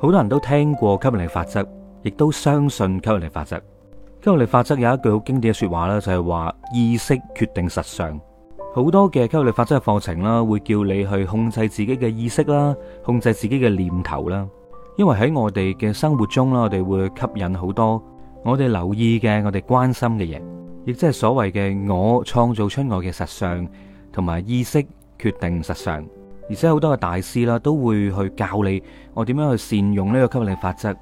好多人都聽過吸引力法則，亦都相信吸引力法則。吸引力法則有一句好經典嘅説話啦，就係話意識決定實相。好多嘅吸引力法則嘅課程啦，會叫你去控制自己嘅意識啦，控制自己嘅念頭啦。因為喺我哋嘅生活中啦，我哋會吸引好多我哋留意嘅、我哋關心嘅嘢，亦即係所謂嘅我創造出我嘅實相，同埋意識決定實相。而且好多嘅大師啦，都會去教你我點樣去善用呢個吸引力法則，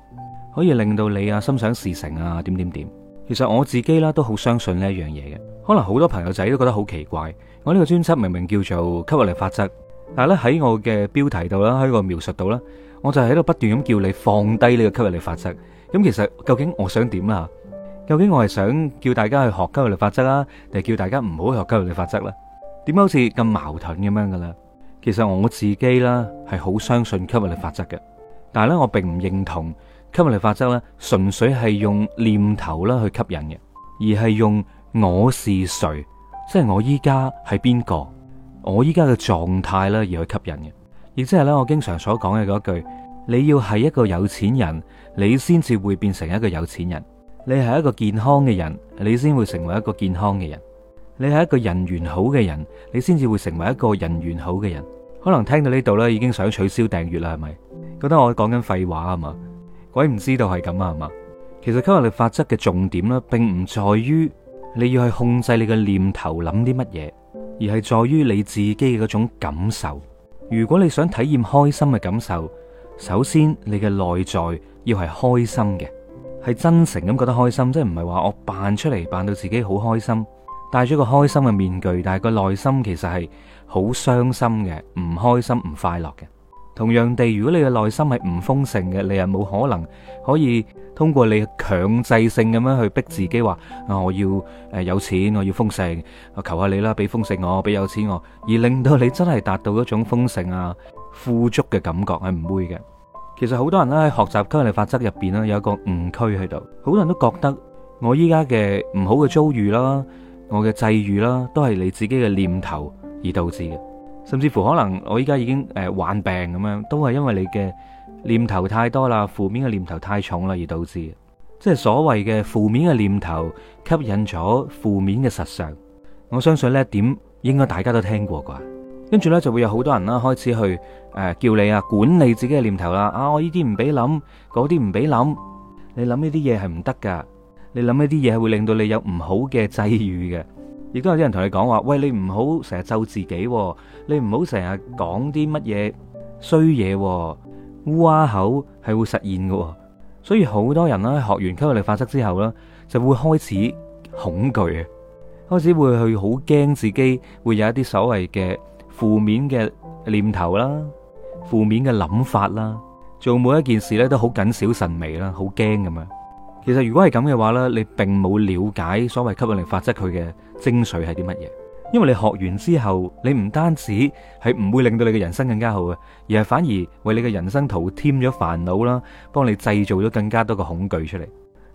可以令到你啊心想事成啊，點點點。其實我自己啦都好相信呢一樣嘢嘅。可能好多朋友仔都覺得好奇怪，我呢個專輯明明叫做吸引力法則，但係咧喺我嘅標題度啦，喺個描述度啦，我就係喺度不斷咁叫你放低呢個吸引力法則。咁其實究竟我想點呀？究竟我係想叫大家去學吸引力法則呀，定係叫大家唔好去學吸引力法則咧？點解好似咁矛盾咁樣噶啦？其實我自己啦，係好相信吸引力法則嘅，但係咧我並唔認同吸引力法則咧，純粹係用念頭啦去吸引嘅，而係用我是誰，即係我依家係邊個，我依家嘅狀態啦而去吸引嘅，亦即係咧我經常所講嘅嗰句，你要係一個有錢人，你先至會變成一個有錢人；你係一個健康嘅人，你先會成為一個健康嘅人；你係一個人緣好嘅人，你先至會成為一個人緣好嘅人。可能聽到呢度咧，已經想取消訂閱啦，係咪？覺得我講緊廢話啊嘛？鬼唔知道係咁啊嘛？其實吸引力法則嘅重點咧，並唔在於你要去控制你嘅念頭諗啲乜嘢，而係在於你自己嘅嗰種感受。如果你想體驗開心嘅感受，首先你嘅內在要係開心嘅，係真誠咁覺得開心，即係唔係話我扮出嚟扮到自己好開心。戴咗個開心嘅面具，但係個內心其實係好傷心嘅，唔開心唔快樂嘅。同樣地，如果你嘅內心係唔豐盛嘅，你又冇可能可以通過你強制性咁樣去逼自己話啊，我要誒有錢，我要豐盛啊，求下你啦，俾豐盛我，俾有錢我，而令到你真係達到一種豐盛啊、富足嘅感覺，係唔會嘅。其實好多人咧喺學習吸引力法則入邊咧有一個誤區喺度，好多人都覺得我依家嘅唔好嘅遭遇啦。我嘅際遇啦，都係你自己嘅念頭而導致嘅，甚至乎可能我依家已經誒患、呃、病咁樣，都係因為你嘅念頭太多啦，負面嘅念頭太重啦而導致嘅，即係所謂嘅負面嘅念頭吸引咗負面嘅實相。我相信呢一點應該大家都聽過啩，跟住呢就會有好多人啦開始去誒、呃、叫你啊管理自己嘅念頭啦，啊我呢啲唔俾諗，嗰啲唔俾諗，你諗呢啲嘢係唔得噶。你諗一啲嘢會令到你有唔好嘅際遇嘅，亦都有啲人同你講話：喂，你唔好成日咒自己，你唔好成日講啲乜嘢衰嘢，烏鴉口係會實現嘅。所以好多人啦，學完吸引力法則之後啦，就會開始恐懼，開始會去好驚自己會有一啲所謂嘅負面嘅念頭啦、負面嘅諗法啦，做每一件事咧都好謹小慎微啦，好驚咁樣。其實如果係咁嘅話呢，你並冇了解所謂吸引力法則佢嘅精髓係啲乜嘢，因為你學完之後，你唔單止係唔會令到你嘅人生更加好嘅，而係反而為你嘅人生徒添咗煩惱啦，幫你製造咗更加多嘅恐懼出嚟。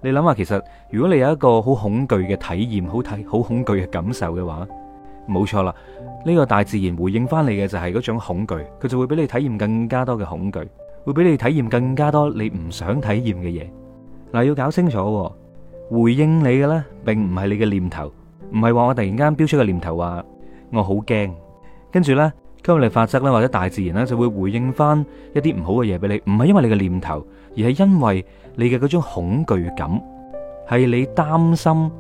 你諗下，其實如果你有一個好恐懼嘅體驗，好體好恐懼嘅感受嘅話，冇錯啦，呢個大自然回應翻你嘅就係嗰種恐懼，佢就會俾你體驗更加多嘅恐懼，會俾你體驗更加多你唔想體驗嘅嘢。嗱，要搞清楚回應你嘅咧，並唔係你嘅念頭，唔係話我突然間飆出個念頭話我好驚，跟住呢吸引力法則咧或者大自然咧就會回應翻一啲唔好嘅嘢俾你，唔係因為你嘅念頭，而係因為你嘅嗰種恐懼感，係你擔心，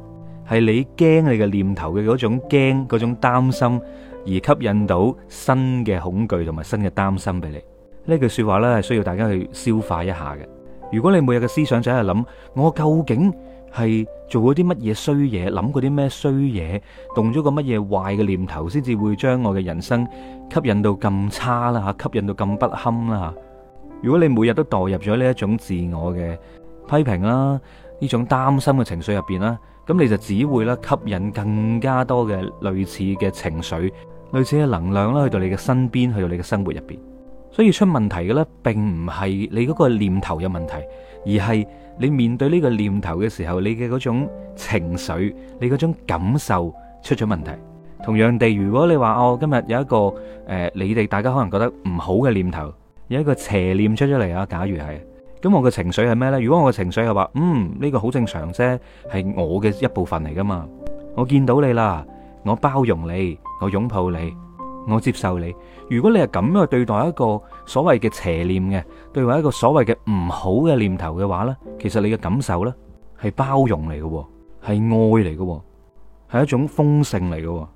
係你驚你嘅念頭嘅嗰種驚嗰種擔心而吸引到新嘅恐懼同埋新嘅擔心俾你。呢句說話呢係需要大家去消化一下嘅。如果你每日嘅思想就喺度諗，我究竟係做咗啲乜嘢衰嘢，諗過啲咩衰嘢，動咗個乜嘢壞嘅念頭，先至會將我嘅人生吸引到咁差啦吓，吸引到咁不堪啦吓。如果你每日都墮入咗呢一種自我嘅批評啦，呢種擔心嘅情緒入邊啦，咁你就只會啦吸引更加多嘅類似嘅情緒，類似嘅能量啦，去到你嘅身邊，去到你嘅生活入邊。所以出問題嘅咧，並唔係你嗰個念頭有問題，而係你面對呢個念頭嘅時候，你嘅嗰種情緒、你嗰種感受出咗問題。同樣地，如果你話我、哦、今日有一個誒、呃，你哋大家可能覺得唔好嘅念頭，有一個邪念出咗嚟啊，假如係，咁我嘅情緒係咩呢？如果我嘅情緒係、就、話、是，嗯，呢、這個好正常啫，係我嘅一部分嚟噶嘛，我見到你啦，我包容你，我擁抱你。我接受你。如果你係咁樣去對待一個所謂嘅邪念嘅，對待一個所謂嘅唔好嘅念頭嘅話呢，其實你嘅感受呢係包容嚟嘅，係愛嚟嘅，係一種豐盛嚟嘅。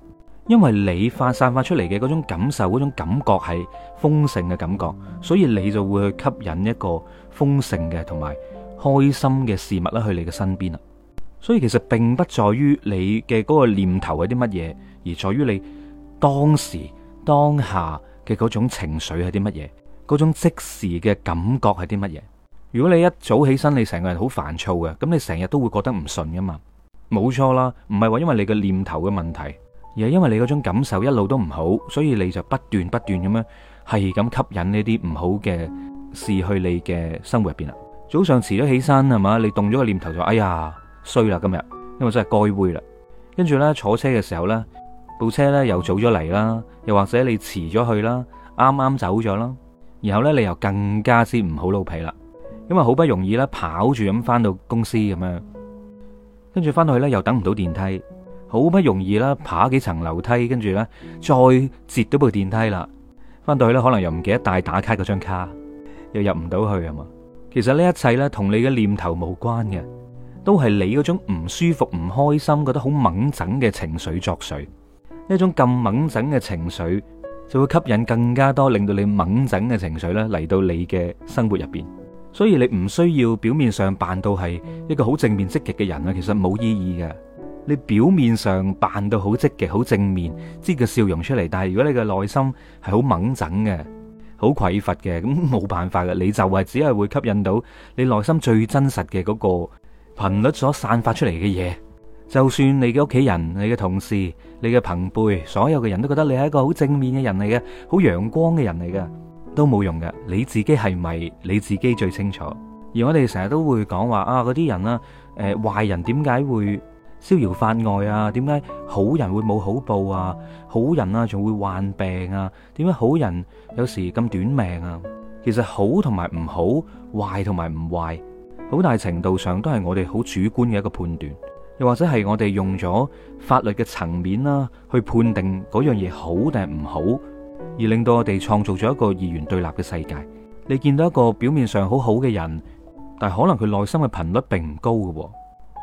因為你發散發出嚟嘅嗰種感受，嗰種感覺係豐盛嘅感覺，所以你就會去吸引一個豐盛嘅同埋開心嘅事物啦去你嘅身邊啦。所以其實並不在於你嘅嗰個念頭係啲乜嘢，而在於你。當時當下嘅嗰種情緒係啲乜嘢？嗰種即時嘅感覺係啲乜嘢？如果你一早起身，你成個人好煩躁嘅，咁你成日都會覺得唔順噶嘛？冇錯啦，唔係話因為你個念頭嘅問題，而係因為你嗰種感受一路都唔好，所以你就不斷不斷咁樣係咁吸引呢啲唔好嘅事去你嘅生活入邊啦。早上遲咗起身係嘛？你動咗個念頭就，哎呀衰啦，今日因為真係該背啦。跟住呢，坐車嘅時候呢。部車咧又早咗嚟啦，又或者你遲咗去啦，啱啱走咗啦，然後咧你又更加之唔好老皮啦，因為好不容易啦跑住咁翻到公司咁樣，跟住翻到去咧又等唔到電梯，好不容易啦爬幾層樓梯，跟住咧再截到部電梯啦，翻到去咧可能又唔記得帶打卡嗰張卡，又入唔到去吖嘛！其實呢一切咧同你嘅念頭無關嘅，都係你嗰種唔舒服、唔開心，覺得好猛憎嘅情緒作祟。呢一種咁猛整嘅情緒，就會吸引更加多，令到你猛整嘅情緒咧嚟到你嘅生活入邊。所以你唔需要表面上扮到係一個好正面積極嘅人啊，其實冇意義嘅。你表面上扮到好積極、好正面，擠個笑容出嚟，但係如果你嘅內心係好猛整嘅、好匱乏嘅，咁冇辦法嘅，你就係只係會吸引到你內心最真實嘅嗰個頻率所散發出嚟嘅嘢。就算你嘅屋企人、你嘅同事、你嘅朋輩，所有嘅人都覺得你係一個好正面嘅人嚟嘅，好陽光嘅人嚟嘅，都冇用嘅。你自己係咪？你自己最清楚。而我哋成日都會講話啊，嗰啲人啊，誒，壞人點解會逍遙法外啊？點解好人會冇好報啊？好人啊，仲會患病啊？點解好人有時咁短命啊？其實好同埋唔好，壞同埋唔壞，好大程度上都係我哋好主觀嘅一個判斷。又或者係我哋用咗法律嘅層面啦，去判定嗰樣嘢好定係唔好，而令到我哋創造咗一個二元對立嘅世界。你見到一個表面上好好嘅人，但係可能佢內心嘅頻率並唔高嘅，哦，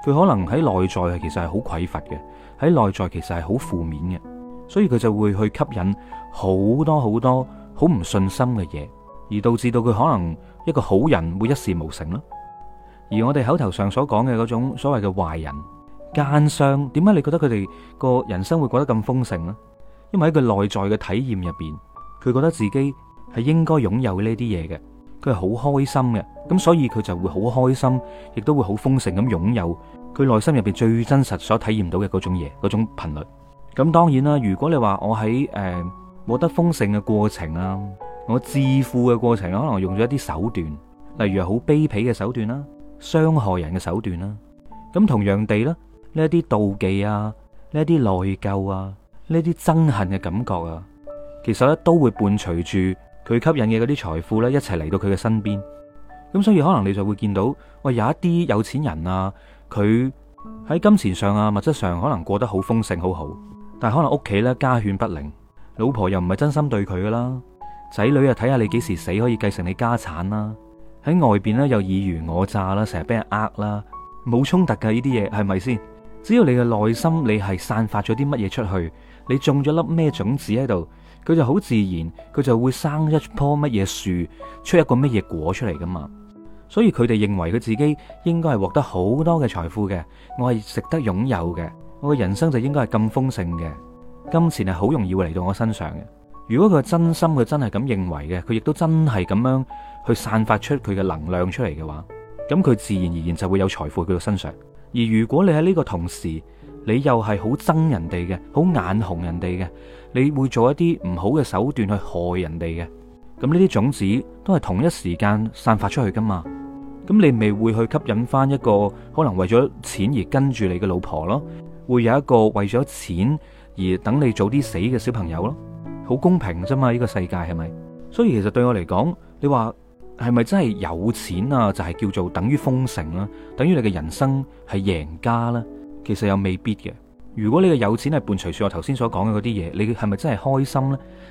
佢可能喺內在其實係好匱乏嘅，喺內在其實係好負面嘅，所以佢就會去吸引好多好多好唔信心嘅嘢，而導致到佢可能一個好人會一事無成咯。而我哋口頭上所講嘅嗰種所謂嘅壞人。奸商，點解你覺得佢哋個人生會過得咁豐盛呢？因為喺佢內在嘅體驗入邊，佢覺得自己係應該擁有呢啲嘢嘅，佢係好開心嘅，咁所以佢就會好開心，亦都會好豐盛咁擁有佢內心入邊最真實所體驗到嘅嗰種嘢，嗰種頻率。咁當然啦，如果你話我喺誒獲得豐盛嘅過程啊，我致富嘅過程，可能用咗一啲手段，例如好卑鄙嘅手段啦，傷害人嘅手段啦，咁同樣地啦。呢一啲妒忌啊，呢一啲內疚啊，呢啲憎恨嘅感覺啊，其實咧都會伴隨住佢吸引嘅嗰啲財富咧一齊嚟到佢嘅身邊。咁所以可能你就會見到，哇、哎、有一啲有錢人啊，佢喺金錢上啊，物質上可能過得好豐盛好好，但係可能屋企咧雞犬不寧，老婆又唔係真心對佢噶啦，仔女啊睇下你幾時死可以繼承你家產啦，喺外邊咧又爾虞我詐啦，成日俾人呃啦，冇衝突嘅呢啲嘢係咪先？只要你嘅內心，你係散發咗啲乜嘢出去，你種咗粒咩種子喺度，佢就好自然，佢就會生一棵乜嘢樹，出一個乜嘢果出嚟噶嘛。所以佢哋認為佢自己應該係獲得好多嘅財富嘅，我係值得擁有嘅，我嘅人生就應該係咁豐盛嘅，金錢係好容易會嚟到我身上嘅。如果佢真心，佢真係咁認為嘅，佢亦都真係咁樣去散發出佢嘅能量出嚟嘅話，咁佢自然而然就會有財富喺佢身上。而如果你喺呢個同時，你又係好憎人哋嘅，好眼紅人哋嘅，你會做一啲唔好嘅手段去害人哋嘅，咁呢啲種子都係同一時間散發出去噶嘛。咁你咪會去吸引翻一個可能為咗錢而跟住你嘅老婆咯，會有一個為咗錢而等你早啲死嘅小朋友咯，好公平啫嘛，呢個世界係咪？所以其實對我嚟講，你話。係咪真係有錢啊？就係、是、叫做等於豐盛啦，等於你嘅人生係贏家咧。其實又未必嘅。如果你嘅有錢係伴隨住我頭先所講嘅嗰啲嘢，你係咪真係開心呢？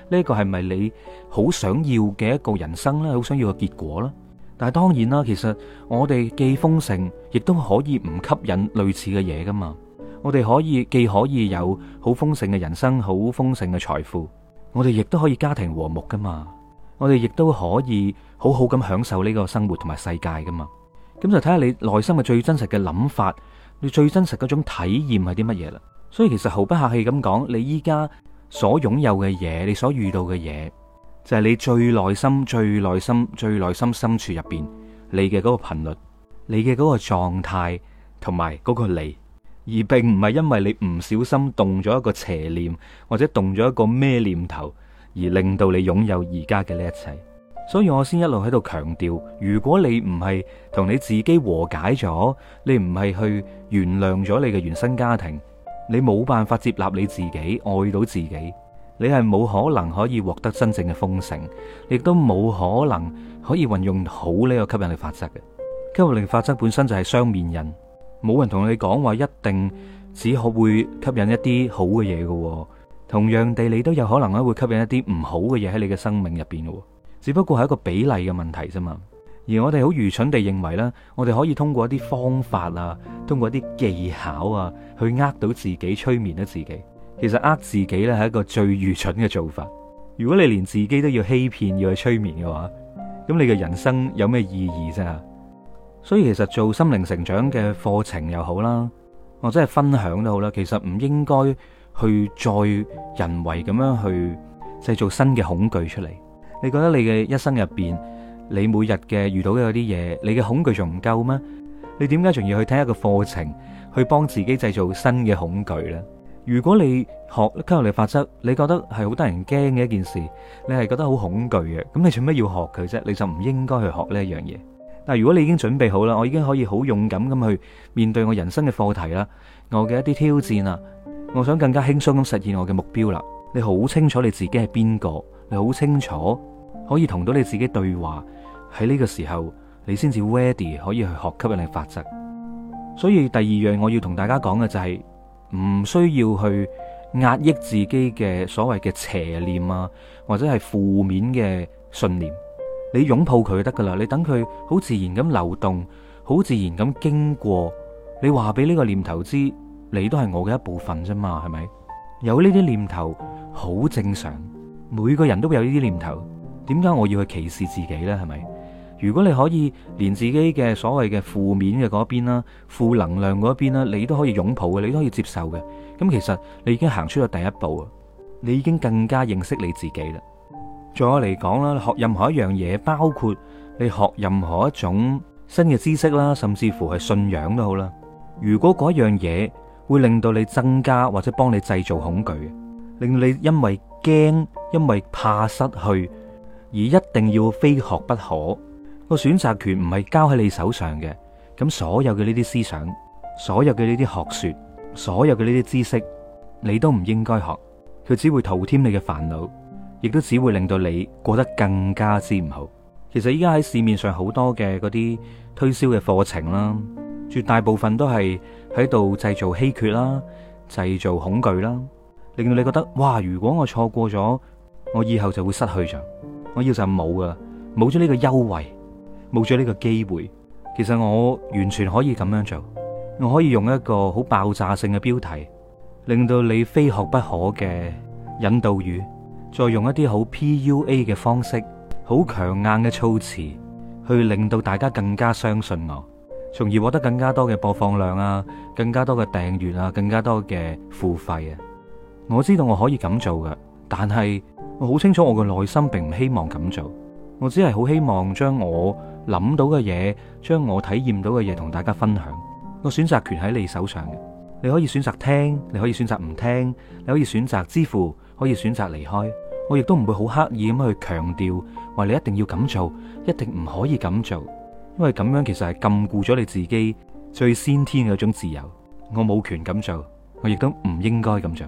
呢、呢個係咪你好想要嘅一個人生咧？好想要嘅結果咧？但係當然啦，其實我哋既豐盛，亦都可以唔吸引類似嘅嘢噶嘛。我哋可以既可以有好豐盛嘅人生，好豐盛嘅財富，我哋亦都可以家庭和睦噶嘛。我哋亦都可以。好好咁享受呢個生活同埋世界噶嘛，咁就睇下你內心嘅最真實嘅諗法，你最真實嗰種體驗係啲乜嘢啦？所以其實毫不客氣咁講，你依家所擁有嘅嘢，你所遇到嘅嘢，就係你最內心、最內心、最內心深處入邊你嘅嗰個頻率、你嘅嗰個狀態同埋嗰個你，而並唔係因為你唔小心動咗一個邪念或者動咗一個咩念頭而令到你擁有而家嘅呢一切。所以我先一路喺度強調，如果你唔係同你自己和解咗，你唔係去原諒咗你嘅原生家庭，你冇辦法接納你自己，愛到自己，你係冇可能可以獲得真正嘅豐盛，你亦都冇可能可以運用好呢個吸引力法則。吸引力法則本身就係雙面人，冇人同你講話，一定只可會吸引一啲好嘅嘢嘅。同樣地，你都有可能咧會吸引一啲唔好嘅嘢喺你嘅生命入邊咯。只不過係一個比例嘅問題啫嘛，而我哋好愚蠢地認為咧，我哋可以通過一啲方法啊，通過一啲技巧啊，去呃到自己，催眠咗自己。其實呃自己咧，係一個最愚蠢嘅做法。如果你連自己都要欺騙，要去催眠嘅話，咁你嘅人生有咩意義啫？所以其實做心靈成長嘅課程又好啦，或者係分享都好啦，其實唔應該去再人為咁樣去製造新嘅恐懼出嚟。你覺得你嘅一生入邊，你每日嘅遇到嘅嗰啲嘢，你嘅恐懼仲唔夠咩？你點解仲要去聽一個課程，去幫自己製造新嘅恐懼呢？如果你學吸引力法則，你覺得係好得人驚嘅一件事，你係覺得好恐懼嘅，咁你做咩要學佢啫？你就唔應該去學呢一樣嘢。但如果你已經準備好啦，我已經可以好勇敢咁去面對我人生嘅課題啦，我嘅一啲挑戰啦，我想更加輕鬆咁實現我嘅目標啦。你好清楚你自己係邊個？你好清楚，可以同到你自己對話。喺呢個時候，你先至 ready 可以去學吸引力法則。所以第二樣我要同大家講嘅就係，唔需要去壓抑自己嘅所謂嘅邪念啊，或者係負面嘅信念。你擁抱佢得噶啦，你等佢好自然咁流動，好自然咁經過。你話俾呢個念頭知，你都係我嘅一部分啫嘛，係咪？有呢啲念頭，好正常。每個人都會有呢啲念頭，點解我要去歧視自己呢？係咪？如果你可以連自己嘅所謂嘅負面嘅嗰邊啦，負能量嗰邊啦，你都可以擁抱嘅，你都可以接受嘅，咁其實你已經行出咗第一步啊！你已經更加認識你自己啦。再我嚟講啦，學任何一樣嘢，包括你學任何一種新嘅知識啦，甚至乎係信仰都好啦。如果嗰樣嘢會令到你增加或者幫你製造恐懼，令你因為，驚，因為怕失去而一定要非學不可，個選擇權唔係交喺你手上嘅。咁所有嘅呢啲思想、所有嘅呢啲學說、所有嘅呢啲知識，你都唔應該學，佢只會徒添你嘅煩惱，亦都只會令到你過得更加之唔好。其實依家喺市面上好多嘅嗰啲推銷嘅課程啦，絕大部分都係喺度製造稀缺啦，製造恐懼啦。令到你覺得哇，如果我錯過咗，我以後就會失去咗。我要就冇噶啦，冇咗呢個優惠，冇咗呢個機會。其實我完全可以咁樣做，我可以用一個好爆炸性嘅標題，令到你非學不可嘅引導語，再用一啲好 PUA 嘅方式，好強硬嘅措辭，去令到大家更加相信我，從而獲得更加多嘅播放量啊，更加多嘅訂閱啊，更加多嘅付費啊。我知道我可以咁做㗎，但係我好清楚我嘅內心並唔希望咁做。我只係好希望將我諗到嘅嘢，將我體驗到嘅嘢同大家分享。我選擇權喺你手上嘅，你可以選擇聽，你可以選擇唔聽，你可以選擇支付，可以選擇離開。我亦都唔會好刻意咁去強調，話你一定要咁做，一定唔可以咁做，因為咁樣其實係禁錮咗你自己最先天嘅一種自由。我冇權咁做，我亦都唔應該咁做。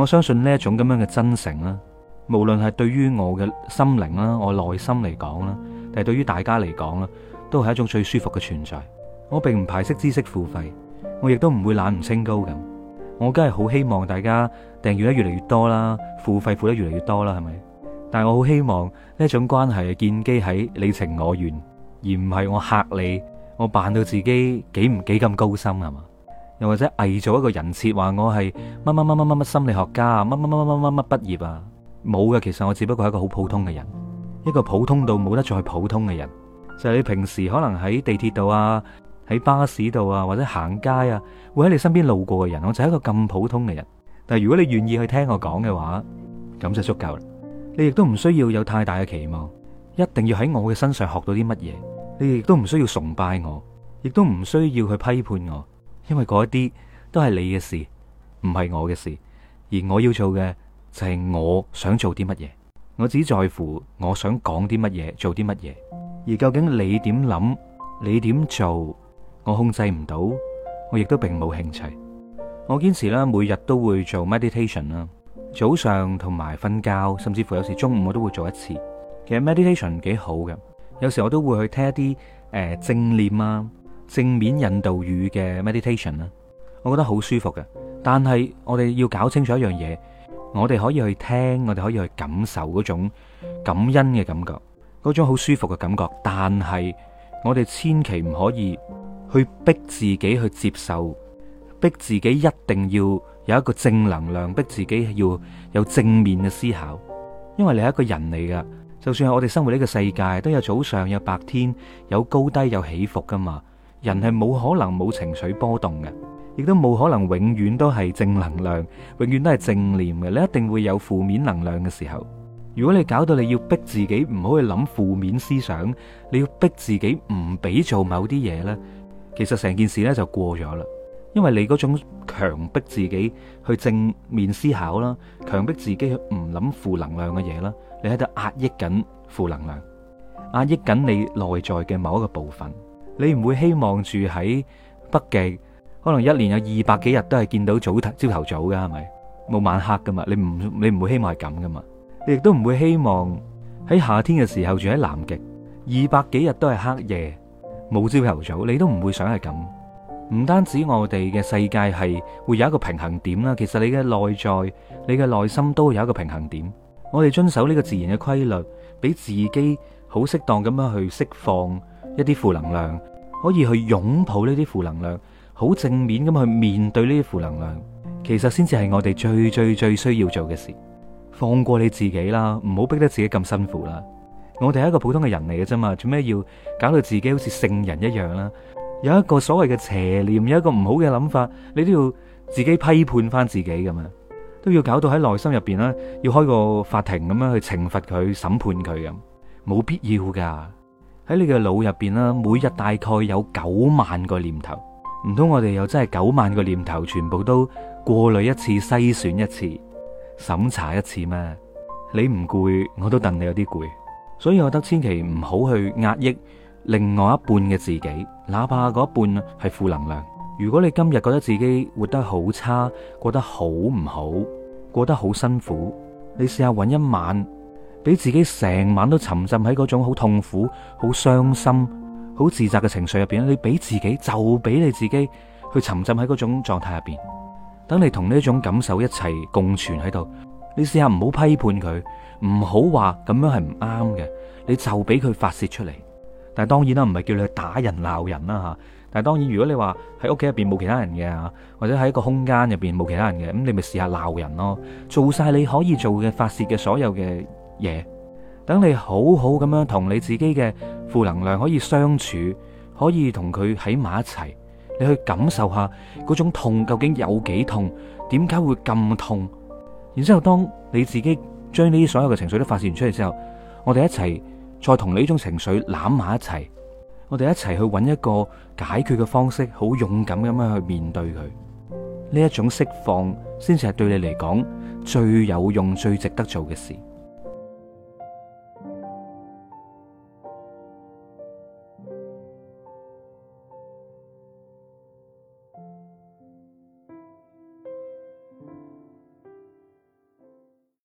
我相信呢一種咁樣嘅真誠啦，無論係對於我嘅心靈啦，我內心嚟講啦，定係對於大家嚟講啦，都係一種最舒服嘅存在。我並唔排斥知識付費，我亦都唔會懶唔清高咁。我梗係好希望大家訂閱得越嚟越多啦，付費付得越嚟越多啦，係咪？但係我好希望呢一種關係係建基喺你情我願，而唔係我吓你，我扮到自己幾唔幾咁高深係嘛～又或者偽造一個人設，話我係乜乜乜乜乜乜心理學家啊，乜乜乜乜乜乜乜畢業啊，冇嘅。其實我只不過係一個好普通嘅人，一個普通到冇得再普通嘅人。就係你平時可能喺地鐵度啊，喺巴士度啊，或者行街啊，會喺你身邊路過嘅人，我就係一個咁普通嘅人。但係如果你願意去聽我講嘅話，咁就足夠啦。你亦都唔需要有太大嘅期望，一定要喺我嘅身上學到啲乜嘢。你亦都唔需要崇拜我，亦都唔需要去批判我。因為嗰一啲都係你嘅事，唔係我嘅事，而我要做嘅就係我想做啲乜嘢，我只在乎我想講啲乜嘢，做啲乜嘢。而究竟你點諗，你點做，我控制唔到，我亦都並冇興趣。我堅持啦，每日都會做 meditation 啦，早上同埋瞓覺，甚至乎有時中午我都會做一次。其實 meditation 幾好嘅，有時我都會去聽一啲誒、呃、正念啊。正面引導語嘅 meditation 啦，我覺得好舒服嘅。但係我哋要搞清楚一樣嘢，我哋可以去聽，我哋可以去感受嗰種感恩嘅感覺，嗰種好舒服嘅感覺。但係我哋千祈唔可以去逼自己去接受，逼自己一定要有一個正能量，逼自己要有正面嘅思考。因為你係一個人嚟噶，就算係我哋生活呢個世界，都有早上，有白天，有高低，有起伏噶嘛。人係冇可能冇情緒波動嘅，亦都冇可能永遠都係正能量，永遠都係正念嘅。你一定會有負面能量嘅時候。如果你搞到你要逼自己唔好去諗負面思想，你要逼自己唔俾做某啲嘢呢，其實成件事呢就過咗啦。因為你嗰種強迫自己去正面思考啦，強迫自己唔諗負能量嘅嘢啦，你喺度壓抑緊負能量，壓抑緊你內在嘅某一個部分。你唔會希望住喺北極，可能一年有二百幾日都係見到早頭朝頭早噶係咪？冇晚黑噶嘛？你唔你唔會希望係咁噶嘛？你亦都唔會希望喺夏天嘅時候住喺南極，二百幾日都係黑夜冇朝頭早，你都唔會想係咁。唔單止我哋嘅世界係會有一個平衡點啦，其實你嘅內在、你嘅內心都會有一個平衡點。我哋遵守呢個自然嘅規律，俾自己好適當咁樣去釋放。一啲負能量，可以去擁抱呢啲負能量，好正面咁去面對呢啲負能量，其實先至係我哋最最最最需要做嘅事。放過你自己啦，唔好逼得自己咁辛苦啦。我哋係一個普通嘅人嚟嘅啫嘛，做咩要搞到自己好似聖人一樣啦？有一個所謂嘅邪念，有一個唔好嘅諗法，你都要自己批判翻自己咁樣，都要搞到喺內心入邊啦，要開個法庭咁樣去懲罰佢、審判佢咁，冇必要噶。喺你嘅腦入邊啦，每日大概有九萬個念頭，唔通我哋又真係九萬個念頭全部都過濾一次、篩選一次、審查一次咩？你唔攰，我都戥你有啲攰，所以我覺得千祈唔好去壓抑另外一半嘅自己，哪怕嗰一半係負能量。如果你今日覺得自己活得好差、過得好唔好、過得好辛苦，你試下揾一晚。俾自己成晚都沉浸喺嗰種好痛苦、好傷心、好自責嘅情緒入邊，你俾自己就俾你自己去沉浸喺嗰種狀態入邊，等你同呢種感受一齊共存喺度。你試下唔好批判佢，唔好話咁樣係唔啱嘅，你就俾佢發洩出嚟。但係當然啦，唔係叫你去打人、鬧人啦吓。但係當然，如果你話喺屋企入邊冇其他人嘅，或者喺一個空間入邊冇其他人嘅，咁你咪試下鬧人咯，做晒你可以做嘅發洩嘅所有嘅嘢，等你好好咁樣同你自己嘅負能量可以相處，可以同佢喺埋一齊，你去感受下嗰種痛究竟有幾痛，點解會咁痛？然之後，當你自己將呢啲所有嘅情緒都發泄完出嚟之後，我哋一齊再同你呢種情緒攬埋一齊，我哋一齊去揾一個解決嘅方式，好勇敢咁樣去面對佢。呢一種釋放，先至係對你嚟講最有用、最值得做嘅事。